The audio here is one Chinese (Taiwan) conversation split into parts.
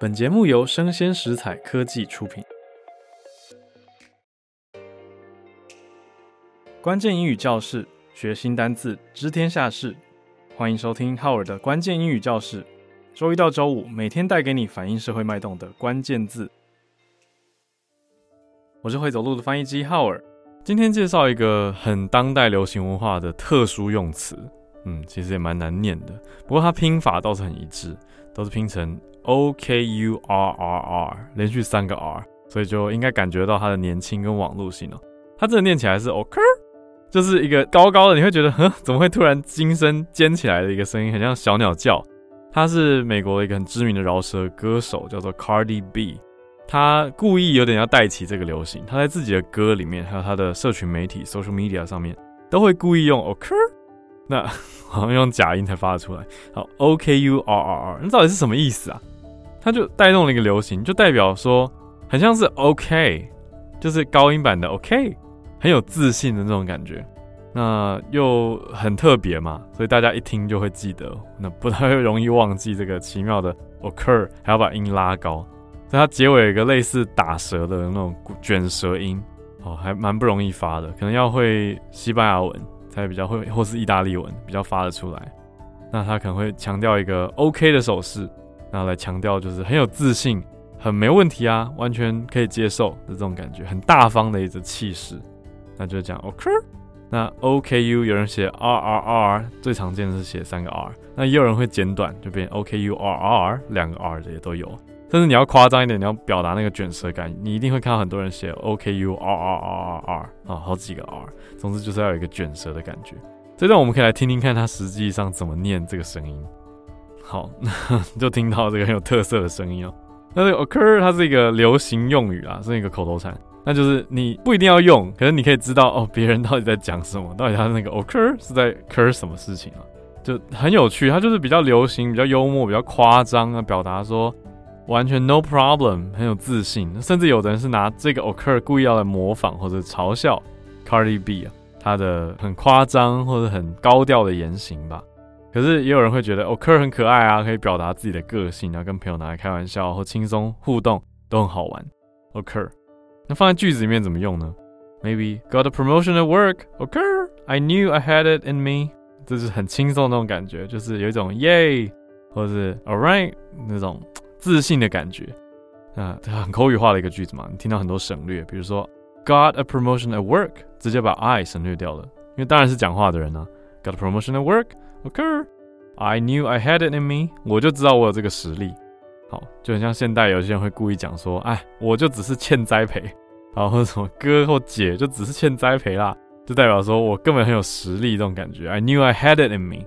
本節目由聲鮮時采科技出品。關鍵英語教室，學新單字，知天下事。歡迎收聽浩爾的關鍵英語教室。週一到週五，每天帶給你反映社會脈動的關鍵字。我是會走路的翻譯機浩爾，今天介紹一個很當代流行文化的特殊用詞。嗯，其實也蠻難念的，不過它拼法倒是很一致，都是拼成 o k u r r r，連續三個 r，所以就應該感覺到它的年輕跟網絡性了。它這個念起來是 okr，就是一個高高的，你會覺得，哼，怎麼會突然驚聲尖起來的一個聲音，很像小鳥叫。他是美國一個很知名的饒舌歌手，叫做 Cardi B，他故意有點要帶起這個流行，他在自己的歌裡面，還有他的社群媒體 social media 上面，都會故意用 okr。那好像用假音才發得出來，好，OKURRR，那到底是什麼意思啊？它就帶動了一個流行，就代表說，很像是 OK，就是高音版的 OK，很有自信的那種感覺，那又很特別嘛，所以大家一聽就會記得，那不太會容易忘記這個奇妙的 Okurrr，還要把音拉高，它結尾有一個類似打舌的那種卷舌音，哦，還蠻不容易發的，可能要會西班牙文。他也比較會，或是意大利文比較發得出來，那他可能會強調一個 OK 的手勢，然後來強調就是很有自信，很沒問題啊，完全可以接受的這種感覺，很大方的一種氣勢，那就是講 OK。那 OKU、OK、有人寫 RRR，最常見的是寫三個 R，那也有人會簡短，就變 OKURR、OK、兩個 R 的也都有。但是你要誇張一點，你要表達那個捲舌的感覺，你一定會看到很多人寫 “okurrrrr” 啊，好幾個 r，總之就是要有一個捲舌的感覺。這段我們可以來聽聽看，他實際上怎麼念這個聲音。好， 就聽到這個很有特色的聲音哦。那這個 “Okurrr” 它是一個流行用語啊，是一個口頭禪，那就是你不一定要用，可是你可以知道哦，別人到底在講什麼，到底他那個 “Okurrr” 是在 “Okurrr” 什麼事情啊？就很有趣，它就是比較流行、比較幽默、比較誇張啊，表達說。完全 no problem，很有自信，甚至有的人是拿這個 Okurrr 故意要來模仿或者嘲笑 Cardi B 啊，他的很誇張或者很高調的言行吧。可是也有人會覺得 Okurrr 很可愛啊，可以表達自己的個性，然後跟朋友拿來開玩笑或輕鬆互動都很好玩。Okurrr 那放在句子裡面怎麼用呢？Maybe got a promotion at work, Okurrr. I knew I had it in me，就是很輕鬆那種感覺，就是有一種 yay 或是 alright 那種。自信的感覺，啊、呃，很口語化的一個句子嘛。你聽到很多省略，比如說 got a promotion at work，直接把 I 省略掉了，因為當然是講話的人啊。got a promotion at work, OK, I knew I had it in me，我就知道我有這個實力。好，就很像現代有些人會故意講說，哎，我就只是欠栽培，然後或者什麼哥或姐就只是欠栽培啦，就代表說我根本很有實力這種感覺。I knew I had it in me。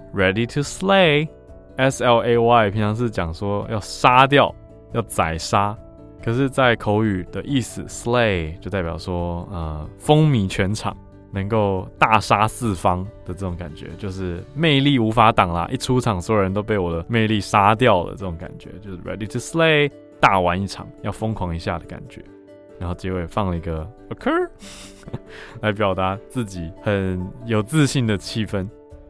Ready to slay, S L A Y，平常是講說要殺掉、要宰殺，可是，在口語的意思，slay 就代表說，呃，風靡全場，能夠大殺四方的這種感覺，就是魅力無法擋啦，一出場所有人都被我的魅力殺掉了這種感覺，就是 Ready to slay，大玩一場，要瘋狂一下的感覺。然後結尾放了一個 Okurrr， 來表達自己很有自信的氣氛。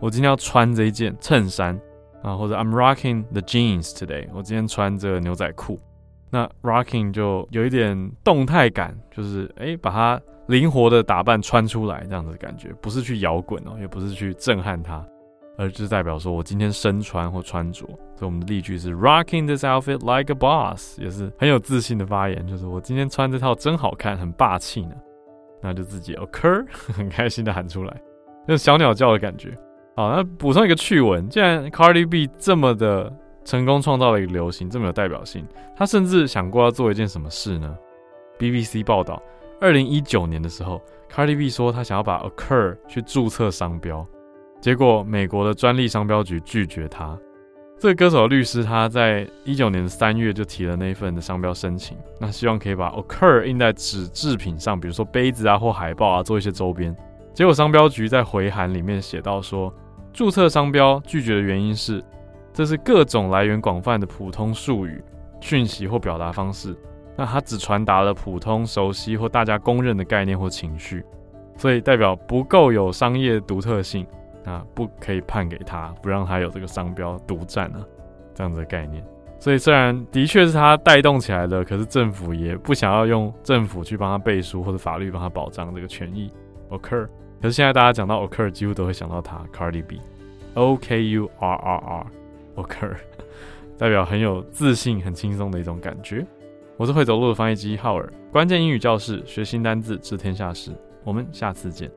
我今天要穿這一件襯衫啊，或者 I'm rocking the jeans today。我今天穿着牛仔褲，那 rocking 就有一點動態感，就是誒、欸，把它靈活的打扮穿出來，這樣子的感覺，不是去搖滾哦，也不是去震撼它，而就是代表說我今天身穿或穿着。所以我們的例句是 rocking this outfit like a boss，也是很有自信的發言，就是我今天穿這套真好看，很霸氣呢。那就自己 Okurrr 很開心的喊出來，那種小鳥叫的感覺。好，哦，那補充一個趣聞，既然 Cardi B 這麼的成功創造了一個流行，這麼有代表性，他甚至想過要做一件什麼事呢？BBC 報道，二零一九年的時候，Cardi B 說他想要把 Okurrr 去註冊商標，結果美國的專利商標局拒絕他。這個歌手的律師他在一九年的三月就提了那份的商標申請，那希望可以把 Okurrr 印在紙製品上，比如說杯子啊或海報啊做一些周邊。結果商標局在回函裡面寫到說。註冊商標拒絕的原因是，這是各種來源廣泛的普通術語、訊息或表達方式。那它只傳達了普通、熟悉或大家公認的概念或情緒，所以代表不夠有商業獨特性，啊，不可以判給他，不讓他有這個商標獨占呢，這樣子的概念。所以雖然的確是它帶動起來的，可是政府也不想要用政府去幫他背書或者法律幫他保障這個權益。Okurrr 可是現在大家講到 Okurrr 幾乎都會想到他 Cardi B，O K U R R R，Okurrr， 代表很有自信、很輕鬆的一種感覺。我是會走路的翻譯機浩爾，關鍵英語教室，學新單字，知天下事。我們下次見。